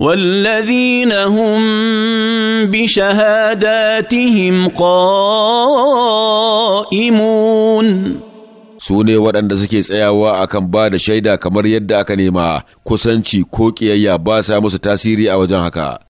والذين هم بشهاداتهم قائمون su ne waɗanda suke tsayawa akan ba da shaida kamar yadda aka nema kusanci ko ƙiyayya ba sa musu tasiri a wajen haka